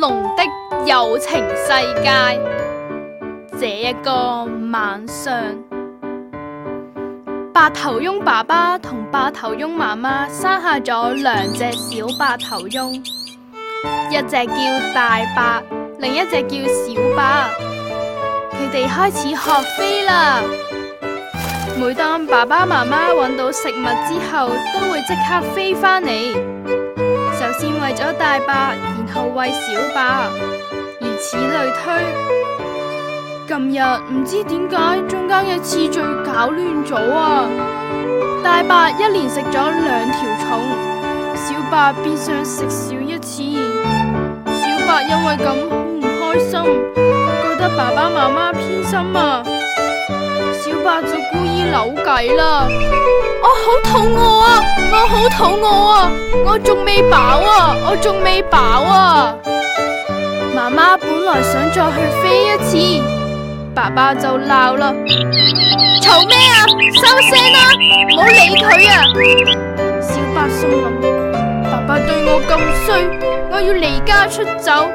濃的有情世界，這個晚上，白頭翁爸爸同白頭翁媽媽生下咗兩隻小白頭翁，一隻叫大白，另一隻叫小白。佢哋開始學飛啦。每當爸爸媽媽搵到食物之後，都會即刻飛返嚟。先餵咗大伯，然後餵小伯，如此類推。今日唔知點解中間嘅次序搞亂咗啊！大伯一連食咗兩條蟲，小伯變相食少一次。小伯因為咁好唔開心，覺得爸爸媽媽偏心啊！爸就故意扭計啦，我好肚餓啊，我好肚餓啊，我仲未飽啊，我仲未飽啊。媽媽本來想再去飛一次，爸爸就鬧啦，嘈咩啊，收聲啦，唔好理佢啊。小花心諗，爸爸對我咁衰，我要離家出走，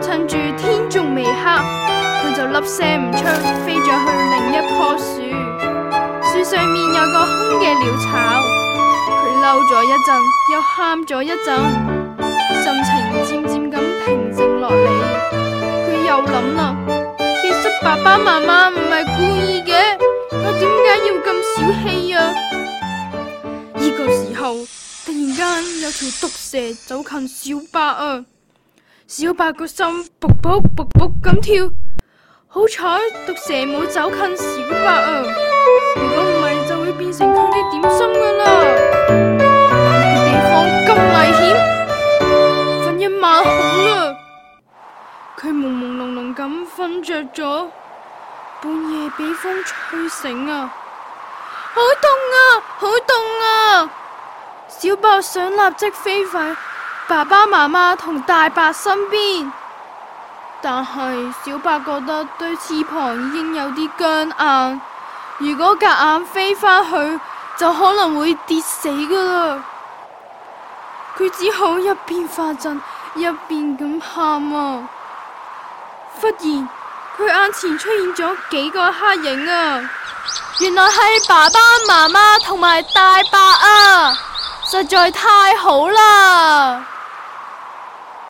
趁住天仲未黑。佢就粒聲唔出，飛咗去另一棵樹。樹上面有個空嘅鳥巢。佢嬲咗一陣，又喊咗一陣，心情漸漸咁平靜落嚟。佢又諗啦，其實爸爸媽媽唔係故意嘅，我點解要咁小氣啊？呢、呢個時候，突然間有條毒蛇走近小白啊！小白個心噗噗噗噗咁跳。好彩毒蛇冇走近小白啊！如果唔係，就會變成佢嘅點心㗎喇。呢個地方咁危險，瞓一晚好啦。佢朦朦朧朧咁瞓着咗，半夜俾風吹醒啊！好凍啊！好凍啊！小白想立即飛返爸爸媽媽同大白身邊。但係小白覺得對翅膀已經有啲僵硬，如果夾硬硬飛返去，就可能會跌死噶啦。佢只好一邊發震，一邊咁喊啊！忽然，佢眼前出現咗幾個黑影啊！原來係爸爸媽媽同埋大伯啊！實在太好啦！